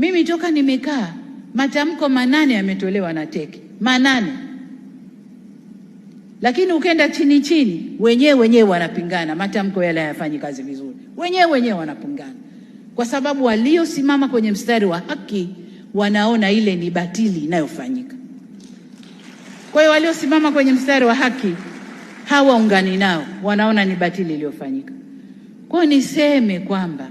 Mimi toka nimekaa matamko manane yametolewa na teke manane, lakini ukienda chini chini, wenyewe wenyewe wanapingana. Matamko yale hayafanyi kazi vizuri, wenyewe wenyewe wanapingana, kwa sababu waliosimama kwenye mstari wa haki wanaona ile ni batili inayofanyika. Kwa hiyo waliosimama kwenye mstari wa haki hawaungani nao, wanaona ni batili iliyofanyika. Kwa hiyo niseme kwamba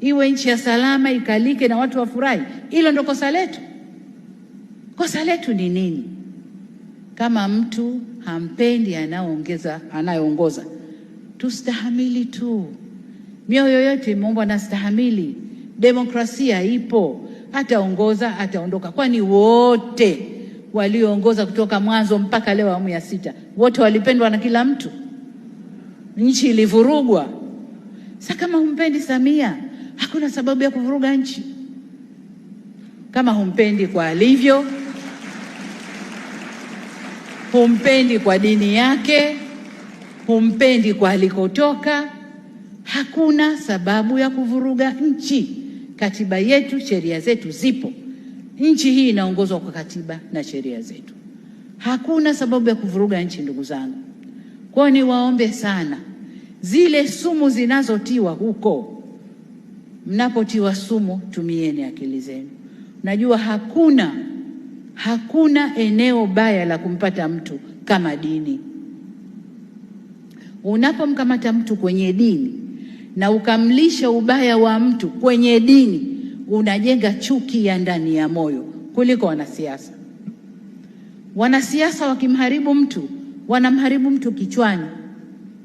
iwe nchi ya salama, ikalike na watu wafurahi. Hilo ndo kosa letu. Kosa letu ni nini? Kama mtu hampendi anaoongeza anayeongoza, tustahamili tu. Mioyo yote imeombwa na stahamili. Demokrasia ipo, ataongoza ataondoka. Kwani wote walioongoza kutoka mwanzo mpaka leo awamu ya sita, wote walipendwa na kila mtu? Nchi ilivurugwa. Sa kama humpendi Samia hakuna sababu ya kuvuruga nchi. Kama humpendi kwa alivyo, humpendi kwa dini yake, humpendi kwa alikotoka, hakuna sababu ya kuvuruga nchi. Katiba yetu, sheria zetu zipo. Nchi hii inaongozwa kwa katiba na sheria zetu. Hakuna sababu ya kuvuruga nchi, ndugu zangu. Kwa hiyo niwaombe sana, zile sumu zinazotiwa huko Mnapotiwa sumu, tumieni akili zenu. Najua hakuna hakuna eneo baya la kumpata mtu kama dini. Unapomkamata mtu kwenye dini na ukamlisha ubaya wa mtu kwenye dini, unajenga chuki ya ndani ya moyo kuliko wanasiasa. Wanasiasa wakimharibu mtu, wanamharibu mtu kichwani,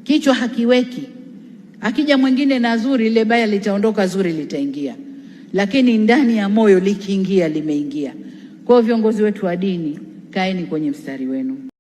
kichwa hakiweki Akija mwingine na zuri, ile baya litaondoka, zuri litaingia, lakini ndani ya moyo likiingia, limeingia. Kwa hiyo viongozi wetu wa dini, kaeni kwenye mstari wenu.